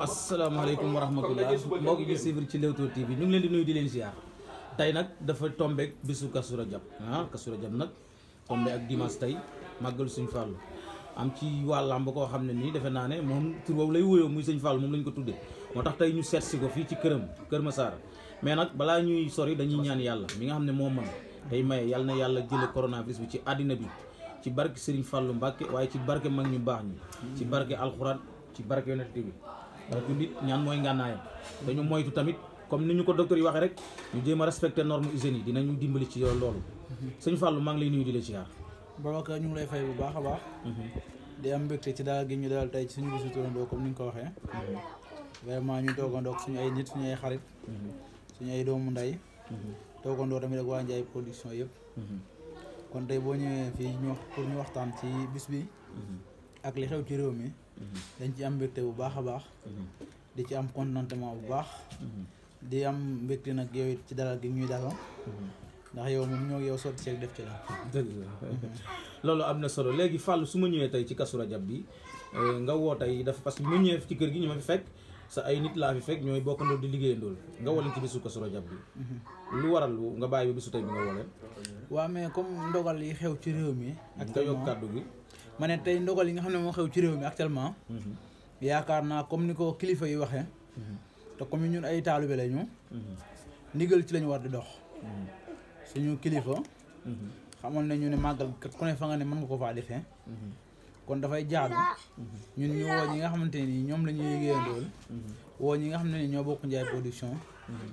asalaamaaleykum wa rahmatullah mbokk gi suivre ci Leewtoo TV ñu ngi leen di nuyu di leen ziar tey nag dafa tombeek bisu Kazu Rajab ah Kazu Rajab nag tombe ak dimanche tey màggalu Sëñ Fallu am ci wàllam ba koo xam ne nii defe naa ne moom tur boobu lay woyoo muy Sëñ Fallu moom lañ ko tuddee moo tax tey ñu seet si ko fii ci këram Kër ma Massar mais nag balaa ñuy sori dañuy ñaan yàlla mi nga xam ne moo mën tey maye yàlla na yàlla jële coronavirus bi ci àddina bi ci barke Serigne Fallou Mbacke waaye ci barke mag ñu baax ñi ci barke alxuraan ci barke yonent bi ndax jullit ñaan mooy ngànnaayam dañu moytu tamit comme ni ñu ko docteur yi waxee rek ñu jéem a respecté norme hygiène yi dinañu dimbali ci loolu sëñ Fallou maa ngi lay nuyu di la ci yaar Babacar ñu lay fay bu baax a baax mhm. di am mbégte ci daal gi ñu dalal tey ci suñu bisu turandoo comme ni ñu ko waxee vraiment ñu toogandoog suñu ay nit suñu ay xarit mhm. suñu ay doomu ndey mhm. toogandoo tamit waa njaay production yëpp kon tey boo ñëwee fii ñu pour ñu waxtaan ci bis bi ak li xew ci réew mi Mm-hmm. dañ ci am mbégte bu baax a baax mm-hmm. di ci am contentement bu baax mm-hmm. di am mbégte nag yow ci dalal gi ñuy dalal ndax yow moom ñoo yow sotti seeg def ci la dëgg loolu am na solo léegi fàll su ma ñëwee tey ci Kazu Rajab bi euh, nga woo tey dafa parce que ñu ñëwee ci kër gi ñu ma fi fekk sa ay nit laa fi fekk ñooy bokkandoo di liggéeyandool nga woo leen ci bisu Kazu Rajab bi lu waral lu nga bàyyi ba bisu tey bi nga woo leen waaw comme ndogal yi xew ci réew mi ak nga kàddu gi ma ne tey ndogal yi nga xam ne moo xew ci réew mi actuellement. Mhm. yaakaar naa comme ni ko kilifa yi waxee. Mhm. te comme ñun ay taalibe lañu. Mhm. ndigal ci lañu war di dox. suñu kilifa. xamoon nañu ne màggal kat ku ne fa nga ne mën nga ko faa defee. kon dafay jaadu. ñun ñu woo ñi nga xamante nii ñoom lañuy ñuy liggéeyandoo. woo ñi nga xam ne ñoo bokk Njaay production.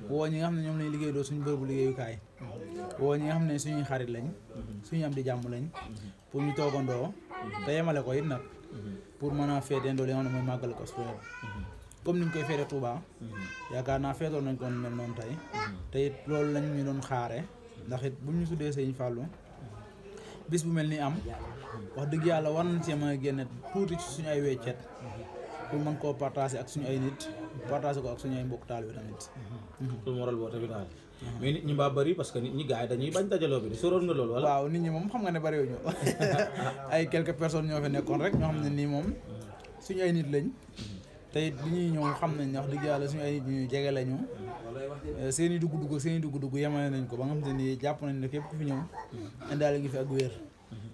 woo ñi nga xam ne ñoom lañ liggéey doo suñu bërëbu liggéeyukaay woo ñi nga xam ne suñuy xarit lañ suñu am di jàmm lañ pour ñu toogandoo te yemale ko it nag pour mën a feeteendoo li nga xam ne mooy màggal Cosplayer comme niñ koy feete Touba yaakaar naa feetoon nañ ko mel noonu tey te it loolu lañ ñu doon xaare ndax it buñ ñu tuddee Sëñ Fallou bis bu mel ni am wax dëgg yàlla war nañ cee mën génne tuuti ci suñu ay weccet pour mën koo partager ak suñu ay nit partager ko ak suñu ay taal loolu moo waral woote mais nit ñi mbaa bëri parce que nit ñi gars yi dañuy bañ dajaloo bi de sóoroon nga loolu wala waaw nit ñi moom xam nga ne bëriwuñu ay quelques personne ñoo fi nekkoon rek ñoo xam ne nii moom suñu ay nit lañ te it bi ñuy ñëw xam nañ wax dëgg yàlla suñu ay nit ñuy jege lañu euh, seen i dugg-dugg seen i dugg-dugg yemale nañ ko ba nga xam te ni jàpp nañ ne képp ku fi ñëw indaale ngi fi ak wér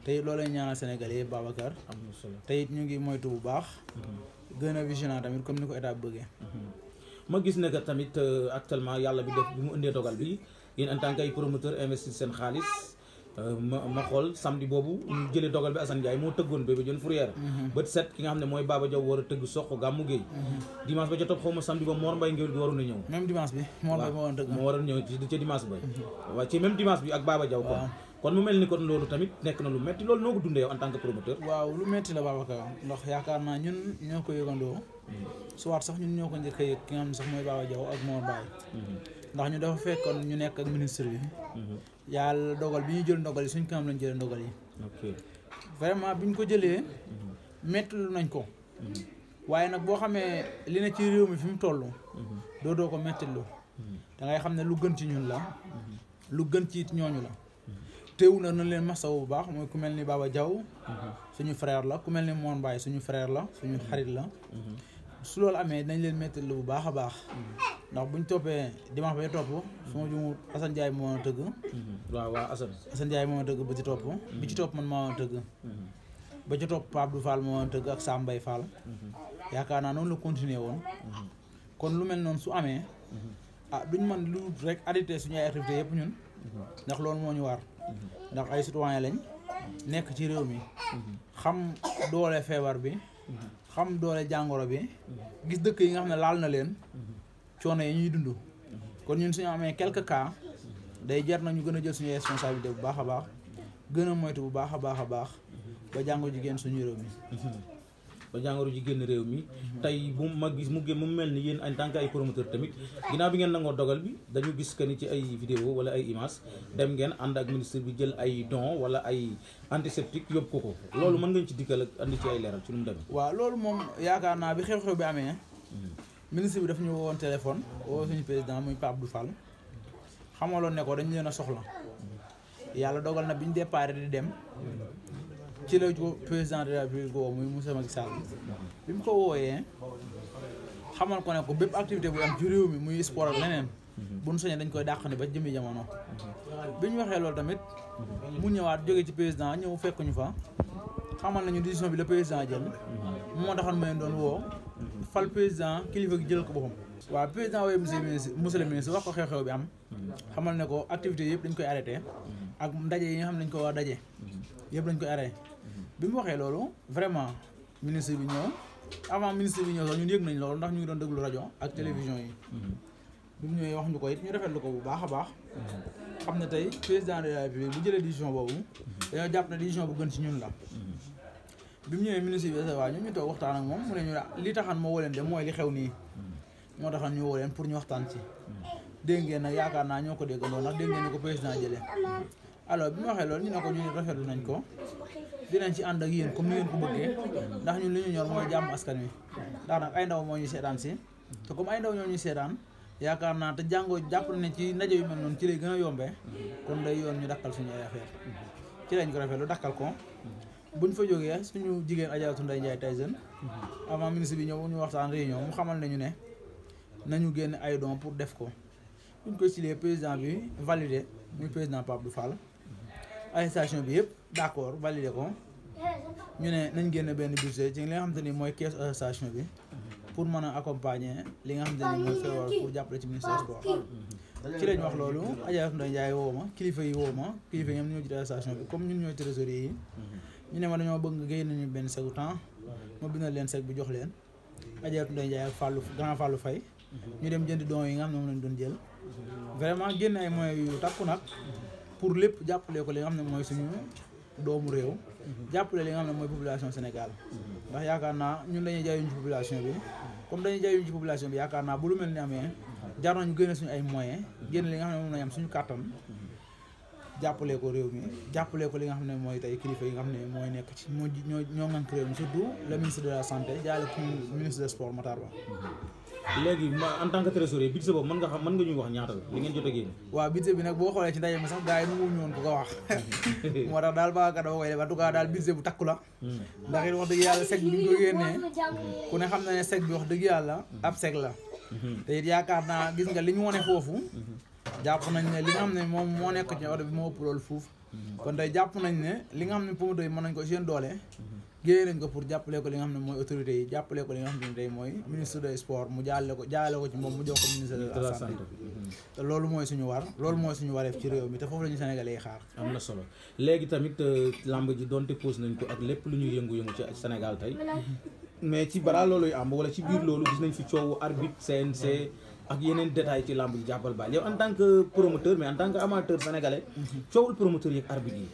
te it loolu lañ ñaanal Sénégal yi Babacar te it ñu ngi moytu bu baax mm-hmm. gën a vigilant tamit comme ni ko état bëggee mm-hmm. ma gis ne que tamit euh, actuellement yàlla bi def bi mu indee dogal bi yéen en tant que ay promoteur investir seen xaalis euh, ma ma xool samedi boobu ñu jëlee dogal bi Assane Ndiaye moo tëggoon bébé Diène Fourrière mhm. bët set ki nga xam ne mooy Baba Diaw war a tëgg soq gàmmu géey mhm. dimanche ba ca topp xaw ma samedi ba Mor Mbaye ngéwél bi ñëw même dimanche bi Mor Mbaye moo waroon tëgg moo waroon ñëw ci ca dimanche ba mhm. waaw ci même dimanche bi ak Baba Diaw kon mu mel ni kon loolu tamit nekk na lu metti loolu noo ko dundee yow en tant que promoteur yaakaar naa ñun ñoo ko yëgandoo soit sax ñun ñoo ko njëkk a ki nga xam ne sax mooy Baba Diaw ak Mor Baye mm-hmm. ndax ñu dafa fekkoon ñu nekk ak ministre yi mm-hmm. yàlla dogal bi ñu jël ndogal yi suñ kanam lañ jëlee ndogal yi vraiment bi ñu ko jëlee mm-hmm. métti nañ ko waaye nag boo xamee li ne ci réew fi mu toll doo doo ko métti lu da ngay xam ne lu gën ci ñun la lu gën ci ñooñu la teewu na nañ leen masaw bu baax mooy ku mel ni Baba Diaw suñu frère la ku mel ni Mor Baye suñu frère la suñu xarit la su loolu amee dañ leen métti lu bu baax a baax ndax buñ toppee dimanche bay topp su ma jumu Assane Ndiaye moo ma tëgg mhm. waaw waaw moo ma tëgg ba ci topp bi ci topp man moo ma tëgg mhm. ba ca topp Pape Abdou Fall moo ma tëgg ak Sam Mbaye Fall mhm. yaakaar naa noonu lu continuer woon kon lu mel noonu su amee ah buñ man lu rek arrêté suñu ay activité yëpp ñun ndax loolu moo ñu war ndax ay citoyen lañ nekk ci réew mi xam doole feebar bi xam doole jàngoro bi gis dëkk yi nga xam ne laal na leen coono yi ñuy dund kon ñun suñu amee quelques cas day jar nañu gën a jël suñu responsabilité bu baax a baax gën a moytu bu baax a baax a baax ba jàngo jigéen suñu réew mi ba jàngoro ji génn réew mi tay bu ma gis mu mu mel ni yéen en tant que ay promoteur tamit ginnaaw bi ngeen nangoo dogal bi dañu gis que ni ci ay vidéo wala ay image dem ngeen ànd ak ministre bi jël ay don wala ay antiseptique yóbbu ko ko loolu mën ngeen ci dikkal ak andi ci ay leeral ci nu mu demee waaw loolu moom yaakaar naa bi xew-xew bi amee ministre bi daf ñu woon téléphone woo suñu président muy Pape Abdou Fall xamaloon ne ko dañ leen a soxla yàlla dogal na bi ñu départ di dem ci la ko président de la République woo muy Moussa Macky mu ko wooyee xamal ko ne ko bépp activité bu am réew mi muy sport ak leneen bu ñu dañ koy dàq ba jëmi jamono bi ñu waxee loolu tamit mu ñëwaat jóge ci président ñëw fekk ñu fa xamal nañu décision bi la président jël moo taxoon ma leen doon woo fal président kilifa gi jël ko boppam waaw président wooye monsieur ministre monsieur le ministre wax ko xew-xew bi am xamal ne ko activité yëpp dañ koy arrêté ak ndaje yi nga xam ne dañ ko war daje yëpp dañ koy arrêté bi mu waxee loolu vraiment ministre bi ñëw avant ministre bi ñëw sax ñun yëg nañ loolu ndax ñu ngi doon déglu rajo ak télévision yi mm-hmm. bi mu ñëwee wax ñu ko it ñu rafetlu ko bu baax a baax mm-hmm. xam ne tey président de la bu jëlee décision boobu mm-hmm. dañoo jàpp ne décision bu gën ci ñun la bi mu ñëwee ministre bi recevoir ñun ñu toog waxtaan ak moom mu ne ñu li taxan moo woo leen de mooy li xew nii moo taxan ñu woo leen pour ñu waxtaan ci dégg ngeen nag yaakaar naa ñoo ko déggandoo ndax dégg ngeen ni ko président jëlee alors bi mu waxee loolu ñu ne ko ñu rafetlu nañ ko dinañ ci ànd ak yéen comme ni ngeen ko bëggee ndax ñu li ñu ñor mooy jàmm askan wi ndax nag ay ndaw moo ñuy seetaan si te comme ay ndaw ñoo ñuy seetaan yaakaar naa te jàngoo jàpp ne ci ndaje yu mel noonu ci lay gën a yombee kon day yoon ñu dakkal suñu ay affaire ci lañ ko lu dakkal ko bu ñu fa jógee suñu jigéen Adjaratou Ndeye Ndiaye Tyson avant ministre bi ñëw ñu waxtaan réunion mu xamal nañu ne nañu génn ay dons pour def ko buñ ko silee président bi validé muy président Pape Abdou Fall administration bi yëpp d' accord validé ko ñu ne nañ génn benn budget ci li nga xamante ni mooy caisse association bi pour mën a accompagner li nga xamante ni mooy feebar pour jàppale ci ministère sport ci lañ wax loolu Adja Ndoye Ndiaye woo ma yi woo ma kilifa bi comme ñun ñooy trésorier yi ñu ne ma dañoo bëgg génn benn segu temps ma bindal leen seg bi jox leen Adja Ndoye Ndiaye ak Fallou grand ñu dem jënd don yi nga xam ne moom lañ doon jël vraiment génn ay moyens yu takku nag pour lépp jàppale ko li nga xam ne mooy suñu doomu réew jàppale li nga xam ne mooy population Sénégal ndax yaakaar naa ñun dañuy jaayuñ ci population bi comme dañuy jaayuñ ci population bi yaakaar naa bu lu mel ni amee jar nañu génne suñu ay moyen génne li nga xam ne moom nañ am suñu kàttan jàppale ko réew mi jàppale ko li nga xam ne mooy tey kilifa yi nga xam ne mooy nekk ci moo ñoo ñoo ngank réew mi surtout le ministre de la santé jaale ko ministre de léegi ma en tant que trésorier budget boobu mën nga xam mën nga ñu wax ñaata la li ngeen jot a génn waaw budget bi nag boo xoolee ci ndaje mi sax gars yi nu mu ñëwoon ko ko wax moo tax daal baaka dama koy def en tout cas daal budget bu takku la hmm. ndax wax dëgg yàlla sec bi ñu ku ne xam na ne wax dëgg yàlla ab sec la hmm. te it yaakaar naa gis nga li ñu wone foofu hmm. jàpp nañ ne li nga xam ne moom moo nekk ci oto bi moo ëpp loolu fuuf kon tey jàpp nañ ne li nga xam ne promoteur yi mën nañ ko seen doole géey nañ ko pour jàppale ko li nga xam ne mooy autorité yi jàppale ko li nga xam ne tey mooy ministre des sports mu jaale ko jaale ko ci moom mu jox ko ministre de la santé mm-hmm. te loolu mooy suñu war loolu mooy suñu wareef ci réew mi te foofu la ñu sénégalais yi xaar am na solo léegi tamit euh, làmb ji donte pose nañ ko ak lépp lu ñuy yëngu-yëngu ci Sénégal tey mais ci balaa looluy am wala ci biir loolu gis nañ fi coowu arbitre CNC ak yeneen détail ci làmb ji jàppal baal yow en tant que promoteur mais en tant que amateur sénégalais mm-hmm. coowul promoteur yi ak arbitre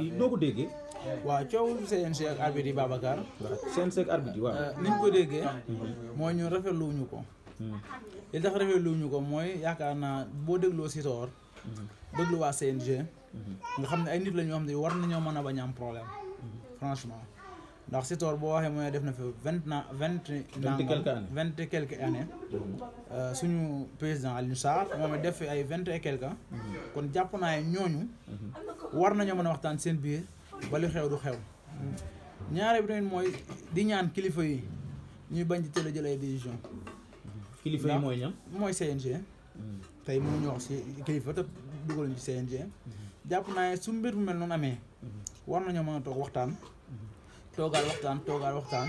yi noo ko déggee waaw coowul CNC ak arbitre yi Babacar. waaw CNC ak arbitre yi euh, ko déggee. mooy ñu rafetlu ñu ko. Hmm. li tax rafetlu wuñu ko mooy yaakaar naa boo dégloo Sitor. Hmm. déglu waa CNG. Hmm. nga xam ne ay nit la ñoo xam ne war nañoo mën a bañ am problème. franchement ndax Sitor boo waxee mooy def na fi vingt na vingt. vingt quelques années vingt et euh, suñu président Alioune Sarr moom def fi ay vingt et quelques. kon jàpp naa ñooñu. war nañoo mën a waxtaan seen biir. ba lu xew du xew ñaare bi tamit mooy di ñaan kilifa yi ñuy bañ di teel a jël ay décision kilifa yi mooy ñam mooy CNG. Hmm. tey mënuñu wax si kilifa te dugaluñ ci CNG. Hmm. jàpp naa ne su mbir mu mel noonu amee. Hmm. war nañoo mën a toog waxtaan. toogaal waxtaan toogaal waxtaan.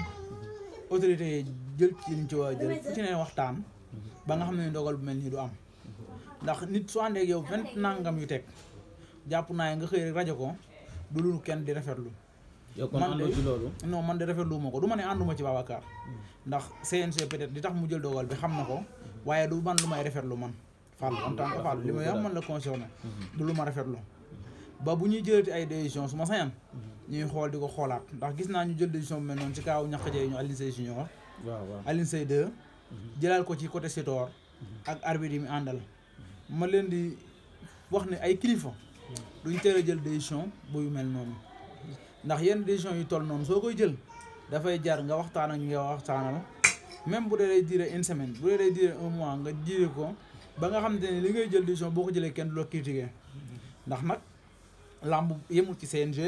autorité yi jël ci liñ ci war jël fu ci ne waxtaan. ba nga xam ne dogal bu mel nii du am. ndax nit su àndee ak yow vingt nangam yu teg jàpp naa nga xëy rek rajo ko. du lu kenn di rafetlu. yow kon ci loolu non man de rafetlu ma ko du ma ne ànduma ci Babacar. ndax CNG peut-être di tax mu jël dogal bi xam na ko. waaye du man lu may rafetlu man. Fall en tant li may am man la concerné. Mhm. du lu ma rafetlu. ba bu ñuy jëlati ay décision su ma sañan. Mhm. ñuy xool di ko xoolaat ndax gis naa ñu jël décision bu me noonu ci kaaw ñax jëye ñu Alioune Seye Junior. waaw waaw Alioune Seye 2. Mhm. jëlaal ko ci côté Sitor. ak arbitre yi muy àndal. ma leen di wax ne ay kilifa. duñ teel a jël décision bu mel noonu ndax yenn décision yu toll noonu soo koy jël dafay jar nga waxtaan ak nga waxtaanal même bu dee day diire semaine bu dee day diire mois nga diire ko ba nga xamante ne li ngay jël décision boo ko jëlee kenn du la critiquer ndax nag làmb yemul ci seen g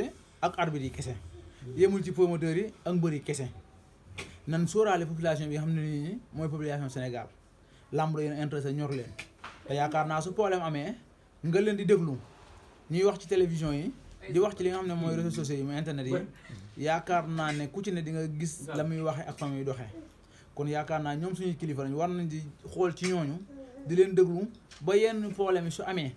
ak arbitre yi kese yemul ci promoteurs yi ak mbër kese nan sóoraale population bi xam ne nii mooy population Sénégal làmb la yéen intéressé ñor leen te yaakaar naa su problème amee nga leen di déglu. ñuy wax ci télévision yi di wax ci li nga xam ne mooy réseaux sociaux yi mooy internet yi yaakaar naa ne ku ci ne di nga gis la muy waxee ak fa muy kon yaakaar naa ñoom suñuy kilifa lañ war nañ di xool ci ñooñu di leen déglu ba yenn problème yi su amee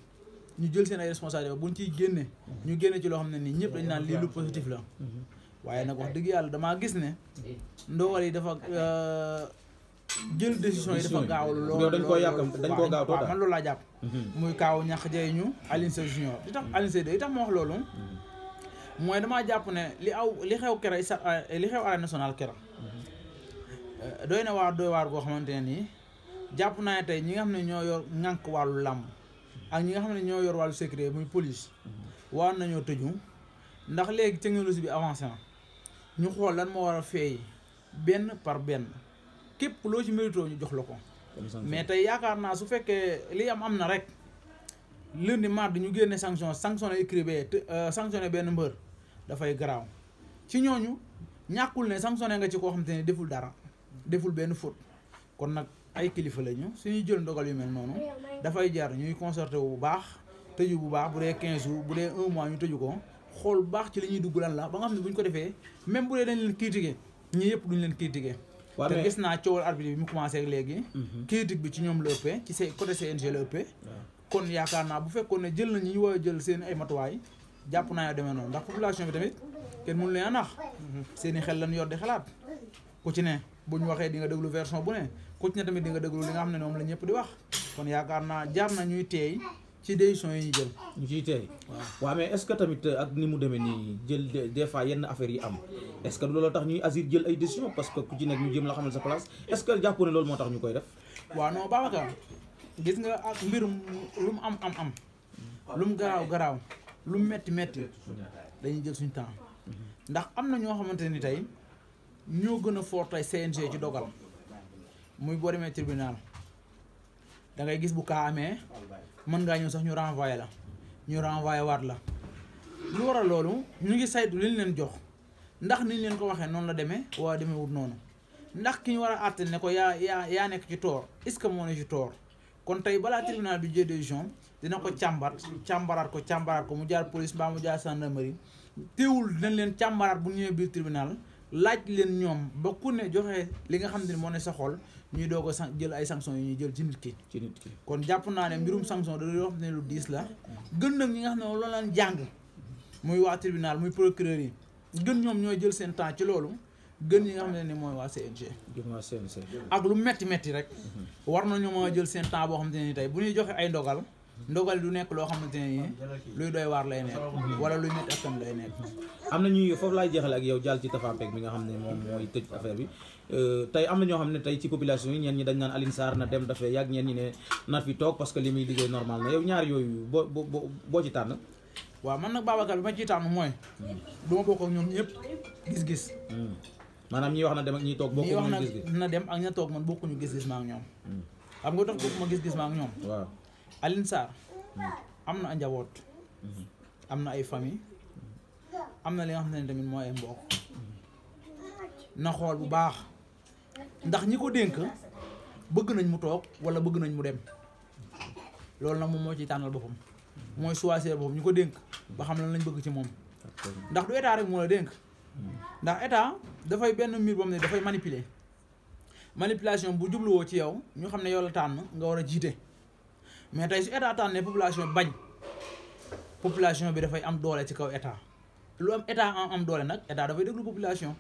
ñu jël seen ay responsabilité buñ ciy génne ñu génne ci loo xam ne nii ñëpp dañ naan lii lu positif la waaye nag wax dëgg yàlla damaa gis ne ndogal yi dafa euh, jël décision yi dafa gaaw lool dañ koo yàkkam dañ loolu laa jàpp mhm. muy kaaw ñax jay ñu Alioune Sèye junior tax mhm. Alioune Sèye li tax ma loolu mhm. mooy damaa jàpp ne li aw li xew kera li xew arène nationale kera doy na waar doy waar goo xamante ne nii jàpp naa tey ñi nga xam ne ñoo yor ŋànk wàllu làmb ak ñi nga xam ne ñoo yor wàllu secret muy police war nañoo tëju ndax léegi technologie bi avancé na ñu xool la moo war a feey benn par benn képp loo ci mérito ñu jox la ko. mais tey yaakaar naa su fekkee li am am na rek lundi mardi ñu génne sanction sanctionné écrivain te euh, sanctionné benn mbër dafay garaaw ci ñooñu ñàkkul ne sanctionné nga ci koo xamante ne deful dara deful benn faute kon nag ay kilifa lañu ñu jël ndogal yu mel noonu dafay jar ñuy concerté wu bu baax tëju bu baax bu dee 15 jours bu dee 1 mois ñu tëju ko xool bu baax ci li ñuy dugg lan la ba nga xam ne bu ñu ko defee même bu dee dañ leen critiqué yëpp duñ leen critiqué. te gis naa coowal arbitre bi mu commencé léegi mhm. critique bi ci ñoom la ëppee ci seen côté CNG la ëppee kon yaakaar naa bu fekkoon ne jël na ñu war a jël seen ay matuwaay jàpp naa yoo demee noonu ndax population bi tamit kenn mun leen a nax mhm. seen i xel lan yor di xalaat ku ci ne bu ñu waxee di nga déglu version bu ne ku ci ne tamit di nga déglu li nga xam ne moom la ñëpp di wax kon yaakaar naa jaar na ñuy teey ci décision yi ñu jël ñu ciy tey waaw mais est-ce que tamit euh, ak ni mu demee nii jël des fois yenn affaires yi am est-ce que loolu tax ñuy asir jël ay décision parce que ku ci nekk ñu jëm la xamal sa place est-ce que jàpp ne loolu moo tax ñu koy def waaw non Babacar gis nga ak mbirum lu mu am am am lu mu garaaw garaaw lu mu metti metti dañuy jël suñu temps ndax am na ñoo xamante ni tey ñoo gën a fort tey CNG ci dogal muy boo demee tribunal da gis bu kaa amee mën ngaa ñëw sax ñu renvoyé la ñu renvoyé waat la lu war a loolu ñu ngi saytu li ñu leen jox ndax ni leen ko waxee noonu la demee waa demee wut noonu ndax ki ñu war a àtte ne ko yaa yaa yaa nekk ci toor est-ce que moo ne ci toor kon tey balaa tribunal bi jël décision dina ko càmbar càmbaraat ko càmbaraat ko mu jaar polis mbaa mu jaar gendarmerie teewul dinañ leen càmbaraat bu ñëwee biir tribunal laaj leen ñoom ba ku ne joxe li nga xam ne moo ne sa xol ñuy doog a san jël ay sanction yi jël ci nit ki ci nit ki kon jàpp naa ne mbirum sanction da yoo ne lu diis la gën nag ñi nga xam ne loolu jàng muy waa tribunal muy procureur yi gën ñoom ñooy jël seen temps ci loolu gën ñi xam ne ni mooy waa CNG ak lu metti metti rek mhm. war na ñoo moo jël seen temps boo xam ne ni tey bu ñuy joxee ay ndogal ndogal du nekk loo xamante ne ah, luy doy waar lay nekk wala luy métti askan lay nekk. am na ñuy foofu laay jeexale ak yow jàll ci Tapha Mbeur mi nga xam ne moom mooy tëj affaire bi euh, tey am na ñoo xam ne tey ci population yi ñeen ñi dañ naan Alioune Sarr na dem dafee yàgg ne na fi toog parce que li muy liggéey normal na yow ñaar yooyu boo boo boo ci tànn. waaw man nag Babacar bi ma ciy tànn mooy. du ma bokk ak ñoom ñëpp gis-gis. Hmm. maanaam ñi wax na dem ak ñi toog bokkuñu gis-gis ñi na dem ak ña toog man bokkuñu gis-gis ma ak ñoom. Hmm. xam nga tax bokkuma gis-gis ma ak Alioune Sarr am na njaboot am na ay famille am na li nga xam ne tamit mooy ay mbokk na xool bu baax ndax ñi ko dénk bëgg nañ mu toog wala bëgg nañ mu dem loolu nag moom moo ciy tànnal boppam mooy choisir boppam ñu ko dénk ba xam lan lañ bëgg ci moom ndax du état rek moo la dénk ndax état dafay benn mbir boobu ne dafay manipuler manipulation bu jubluwoo ci yow ñu xam ne yow la tànn nga war a jiite mais tey su état tànnee population bañ population bi dafay am doole ci kaw état lu am état am doole nag état dafay déglu population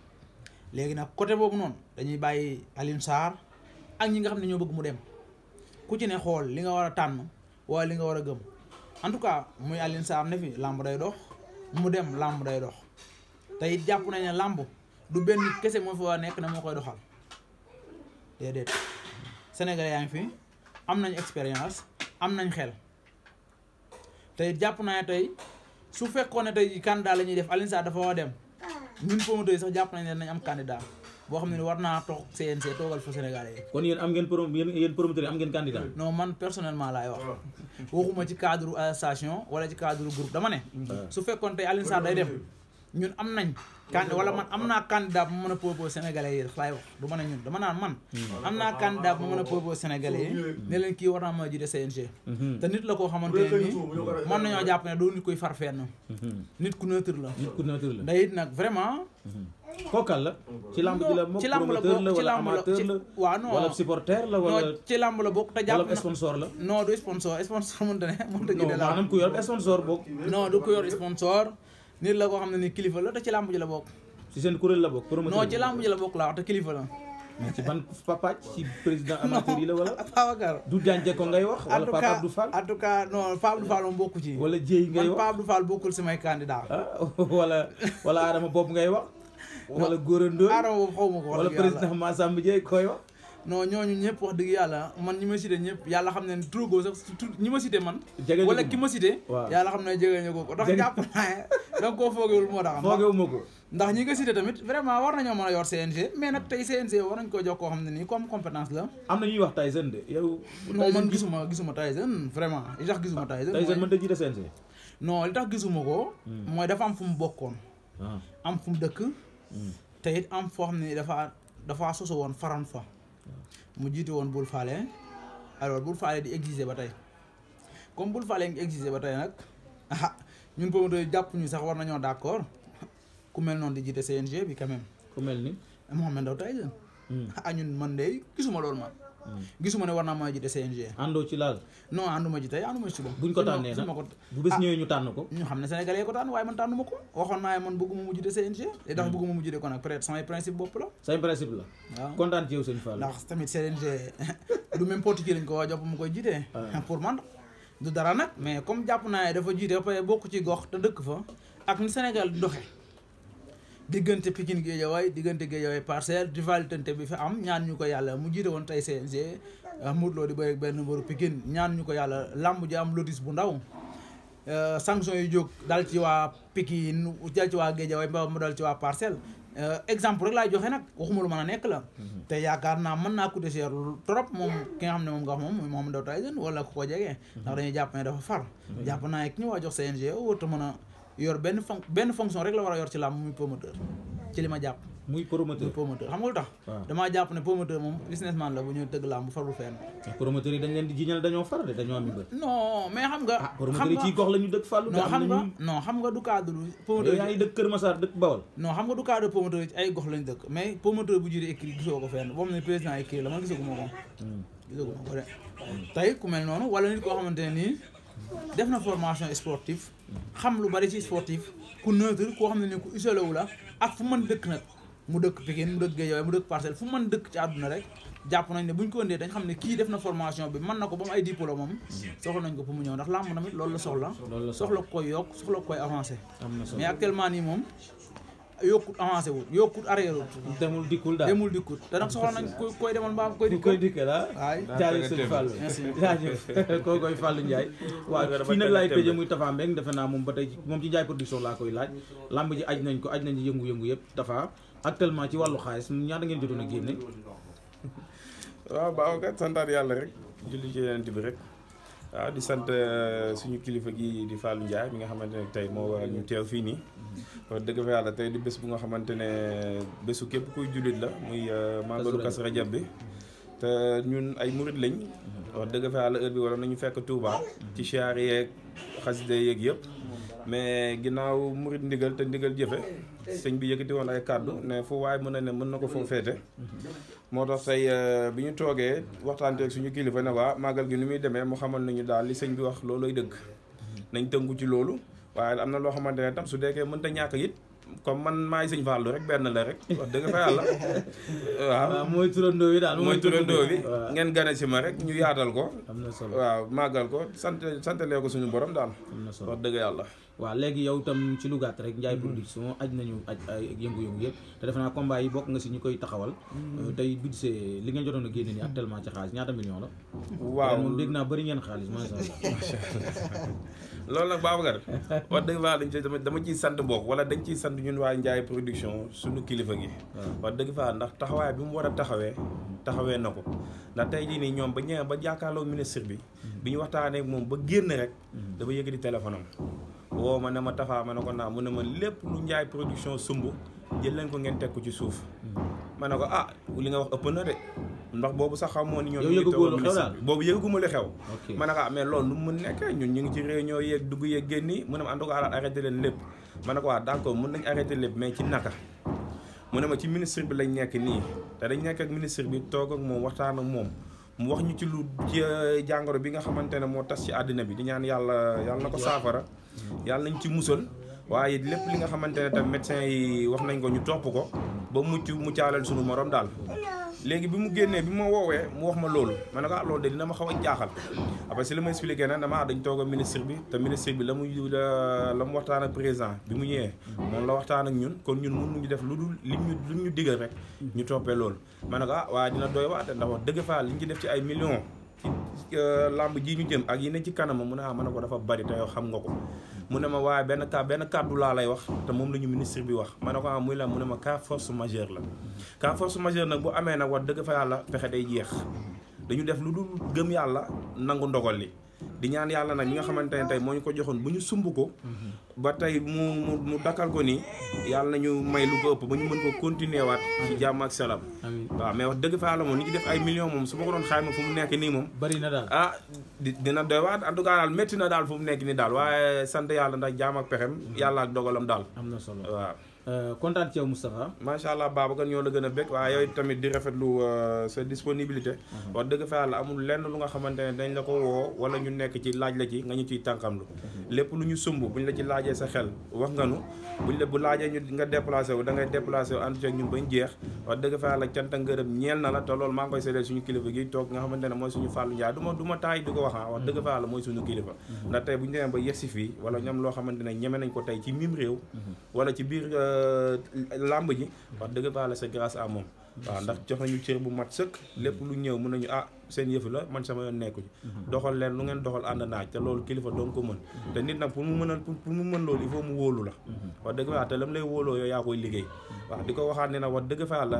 léegi nag côté boobu noonu dañuy bàyyi Alioune Sarr ak ñi nga xam ne ñoo bëgg mu dem ku ci ne xool li nga war a tànn wala li nga war a gëm en tout cas muy Alioune Sarr ne fi làmb day dox mu dem làmb day dox te it jàpp nañ ne làmb du benn kese moo fi nekk ne moo koy doxal déedéet Sénégalais yaa ngi fi am nañ expérience. am nañ xel tey jàpp naa ne tey su fekkoon ne tey candidat la ñuy def Alioune Sarr dafa war a dem ñun promoteurs yi sax jàpp nañ ne nañ am candidat boo xam ne war naa toog CNC toogal fa Sénégalais yi. kon yéen am ngeen pro yéen promoteurs yi am ngeen candidat. non man personnellement laay wax. waxuma ci cadre station wala ci cadre group dama ne. Ah. su fekkoon tey Alioune day dem. ñun am nañ kan wala man am naa candidat bu ma mën a propos sénégalais yi laay wax du mën a ñun dama naan man am naa candidat bu ma mën a propos sénégalais yi ne leen kii war a mën a jiite CNG mhm. te nit la koo xamante ne jàpp ne doo nit koy far fenn mhm. nit ku neutre la nit la ndayit nag vraiment mhm. kookal la ci lamb la moom ci lamb la bokk ci lamb la ci waaw non la wala ci lamb la bokk te jàpp sponsor la non du sponsor sponsor mënta ne mënta ne la maanaam ku yor sponsor bokk non du ku yor sponsor nit la koo xam ne ni kilifa la te ci làmb ji la bokk. ci seen kuréel la bokk. promoteur non ci làmb ji la bokk laa wax te kilifa la. mais ci ban papa ci président amateur yi la wala. Babacar du jànje ko wax. wala Pape Abdou Fall en tout cas non Pape Abdou wala Dieye ngay wax man Pape Abdou Fall bokkul ah, wala wala Adama Bob ngay wax. wala Gora Ndoye Adama ma ko wala koy wax. non ñooñu ñëpp wax dëgg yàlla man ñi ma cité ñëpp yàlla xam ne ne Togo sax ñi ma cité man wala ki ma cité yàlla xam ne jege ñu ko ko ndax jàpp moo tax foogewu ma ko ndax ñi nga cité tamit vraiment war nañoo mën a yor CNG mais nag tey CNG war nañ ko jox koo xam ne nii comme compétence la am na ñuy wax Tyson de yow man gisuma gisuma Tyson vraiment li tax gisuma ah, Tyson Tyson mën ta jiite CNG non li tax gisuma ko hmm. mooy dafa am fu mu bokkoon ah. am fu mu dëkk hmm. te it am foo xam ne dafa dafa soso woon faran fa mu jiite woon bul fale alors bul fale di exiger ba tey comme bul faale ngi exiger ba tey nag ah ñun promoteur yi jàpp ñu sax war nañoo d'accord ku mel noonu di jiite CNG bi quand même. ku mel ni Mouhamed Ndao Tyson. Hmm. ah ñun man de gisuma loolu man. gisuma ne war naa maa jiite CNG. àndoo ci laal. non ànduma ci tey ànduma ci suba. ko tànnee nag bu bés ah. ñëwee ñu tànn ko. ñu xam ne sénégalais yi ko tànn waaye man tànnuma ko waxoon naa man bëgguma mu jiite CNG. et ndax hmm. bëgguma mu jiite ko nag peut samay principe bopp la. say principe la. kontaan ci yow sëñ Fall. ndax tamit CNG du même porte kii ko waa jàpp mu koy jiite. Ah. pour man du dara nag mais comme jàpp naa ne dafa jiite ba pare bokk ci gox te dëkk fa ak ni Sénégal diggante Pikine Guédiawaye diggante Guédiawaye Parcelles rivalité bi fi am ñaan ñu ko yàlla mu jiite woon tey CNG euh, Modou Lo di bëre ak benn mbaru ñaan ñu ko yàlla làmb ji am lotis bu ndaw euh, sanction yu jóg dal ci waa Pikine dal ci waa Guédiawaye mbaa mu dal ci waa Parcelles euh, exemple rek laay joxe nag waxuma lu mën a nekk la mhm. te yaakaar naa man naa coûter cher trop moom ki nga ne moom nga wax moom muy Mouhamadou Tyson wala ku ko jege mhm. ndax dañuy jàpp ne dafa far mhm. jàpp naa ne yor benn fon benn fonction rek la war a yor ci làmb muy promoteur ci li jàpp. muy promoteur promoteur promoteur bu ñu di jiñal gisoo ko fenn boo xam président écrit la man gisaguma ko. Hmm. ko de tey ku mel noonu wala nit koo xamante nii def na formation sportive xam lu bari ci sportif ku neutre koo xam ne ni ku isolé wu la ak fu man dëkk nag mu dëkk Pikine mu dëkk Guédiawaye mu dëkk Parcelles fu man dëkk ci àdduna rek jàpp nañ ne bu ñu ko indee dañ xam ne kii def na formation bi mën na ko ba mu ay diplôme moom soxla nañ ko pour mu ñëw ndax làmb tamit loolu la soxla soxla ko koy yokk soxla ko koy avancé mais actuellement nii moom yokkut avancé wul yokkut arrière wul demul dikkul daal demul dikkul te nag soxla nañ koy demal mbaam koy dikkal koy dikkal ah waay jaari sëñ koo koy Fallou Ndiaye waaw fii nag laay tëjee muy Tafa Mbeng defe naa moom ba tey moom ci Ndiaye production laa koy laaj lamb ji aj nañ ko aj nañ yëngu-yëngu yëpp Tafa actuellement ci wàllu xaalis ñaata ngeen jotoon a génne waaw baaw kat santaat yàlla rek julli bi rek waaw di sant euh, suñu kilifa gi di Fallou Ndiaye mi nga xamante ne tey moo waral ñu teew fii nii wax dëgg fa yàlla tey di bés bu nga xamante ne euh, bésu képp kuy jullit la muy euh, màggalu Kazu Rajab bi te ñun ay murit lañ wax dëgg fa yàlla heure bi waroon nañu fekk Touba ci siyaar yeeg xasida yeeg yëpp mais ginnaaw murit ndigal te ndigal jëfe sëñ bi yëkkati woon ay kàddu ne fu waay mën na ne mën na ko foo féete moo tax tey euh, bi ñu toogee waxtaan waxtaanee suñu kilifa ne waa màggal gi ni muy demee mu xamal nañu daal li sëñ bi wax loolu loolooy dëgg. nañ tënku ci loolu waaye am na loo xamante ne tam su deekee mënta ñàkk it comme man maay sëñ Fallou rek benn la rek wax dëgg fa yàlla. waaw ah, mooy turandoo bi daal mooy turandoo bi ngeen gane si ma rek ñu yaatal ko. am na solo màggal ko sant santalee ko suñu borom daal. wax dëgg yàlla. waaw léegi yow itam ci lu rek Ndiaye mm-hmm. production aj nañu aj ay yëngu-yëngu yëpp te defe naa combat yi bokk nga si ñu koy taxawal mm-hmm. euh, tey budget li ngeen jotoon a génne nii actuellement ci xaalis ñaata million la waa moom dégg naa bëri ngeen xaalis macha allah loolu nag Babacar wax dëgg faa dañ ci dama ciy sant mbokk wala dañ ciy sant ñun waa Ndiaye production suñu kilifa gi wax dëgg faa ndax taxawaay bi mu war a taxawee taxawee na ko ndax tey jii nii ñoom ba ñëwee ba jàkkaarloo ministre bi mm-hmm. bi ñu waxtaanee moom ba génn rek dama yëg di woo ma ne ma tafaa ma ne ko naa mu ne ma lépp lu njaay production sumb jël leen ko ngeen teg ko ci suuf ma ne ko ah li nga wax ëpp na de ndax boobu sax xaw xamoon ni ñoom boobu yëgaguma li xew ma ne ko ah mais loolu nu mu nekkee ñun ñu ngi ci réunion yeeg dugg yeeg génni mu ne en tout cas daal arrêté leen lépp ma ne ko waa ah, d'accord mun nañ arrêté lépp mais ci naka mu ne ma ci ministre bi lañ nekk nii te dañ nekk ak ministre bi toog ak moom waxtaan ak moom mu wax ñu ci lu euh, jàngoro bi nga xamante ne moo tas ci àddina bi di ñaan yàlla yàlla na ko saafara mm-hmm. yàlla nañ ci musal waaye lépp li nga xamante ne tam médecin yi wax nañ ko ñu topp ko ba mucc mu caalal sunu morom daal léegi bi mu génnee bi ma woowee mu wax ma loolu ma ne ko ah loolu de dina ma xaw a jaaxal après si la ma expliqué nag dama dañ toog a bi te ministre bi la mu la mu waxtaan ak président bi mu ñëwee moom la waxtaan ak ñun kon ñun mënuñu def lu dul lim ñu lim ñu digal rek ñu toppee loolu ma ne ko ah waaye dina doy waate ndax wax dëgg faa li ñu ci def ci ay million ci euh, lamb ji ñu jëm ak yi ne ci kanam mun ne ah ma ne ko dafa bari te yow xam nga ko mu ne ma waaye benn ka benn kàddu laa lay wax te moom la ñu ministre bi wax ma ne ko ah muy la mu ne ma cas force majeure la cas force majeure nag bu amee nag wax dëgg fa yàlla pexe day jeex dañu def lu dul gëm yàlla nangu ndogal li di ñaan yàlla nag ñi nga xamante ne tey moo ñu ko joxoon bu ñu sumb ko ba tey mu mu mu dakkal ko ni yàlla nañu may lu ko ëpp ba ñu mën ko continuer waat ci jàmm ak salaam waaw mais wax dëgg fa yàlla moom ni ñu def ay million moom su ma ko doon xayma fu mu nekk nii moom bari na daal ah dina doy waat en tout daal métti na daal fu mu nekk nii daal waaye sant yàlla ndax jaam ak pexem yàlla ak dogalam daal am na solo Euh, kontaan ci yow Moustapha macha allah Babacar ñoo la gën a bëgg waaye yooyu tamit di rafetlu euh, sa disponibilité mhm. wax dëgg fa yàlla amul lenn lu nga xamante ne dañ la ko woo wala ñu nekk ci laaj la ci nga ñu ciy tànkamlu mhm. lépp lu ñu sumb ñu la ci laajee sa xel wax nga nu buñ la bu laajee ñu nga déplacé wu da ngay déplacé wu ànd ci ak ñun bañ jeex wax dëgg fa yàlla cant ak ngërëm ñeel na la te loolu maa ngi koy suñu kilifa gi toog nga xamante ne mooy suñu Fallou Ndiaye du ma du ma taay di ko ah. mooy suñu kilifa mhm. tey bu ñu demee ba fii wala ñoom loo xamante ne ñeme nañ ko tey ci mim réew Euh, làmb ji mm-hmm. wax dëgg fa la c'est grâce à moom waaw ndax jox nañu cër bu mat sëkk lépp lu ñëw mën nañu ah seen yëf la man sama yoon nekku ci mm-hmm. doxal leen lu ngeen doxal ànd naaj te loolu kilifa doon ko mën mm-hmm. te nit nag pour mu mën a pour mu mën loolu il faut mu wóolu la wax dëgg fa te lam lay wóoloo yow yaa koy liggéey waaw di ko waxaat ne na wax dëgg fa la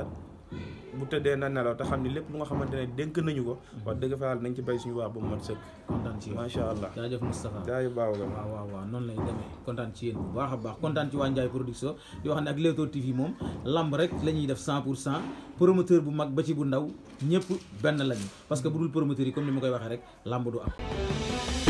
bu tëddee na nelaw te xam ni lépp lu nga xamante ne dénk nañu ko mm-hmm. wax dëgg fa yàlla nañ ci bay suñu waa ba mu mat sëkk kontaan ci macha la waaw waaw waaw noonu lay demee kontaan ci yéen bu baax a baax kontaan ci waa Ndiaye production di wax ne ak Leewtoo TV moom lamb rek la ñuy def cent pour cent promoteur bu mag ba ci bu ndaw ñëpp benn lañu parce que bu dul promoteurs yi comme ni ma koy waxee rek lamb du am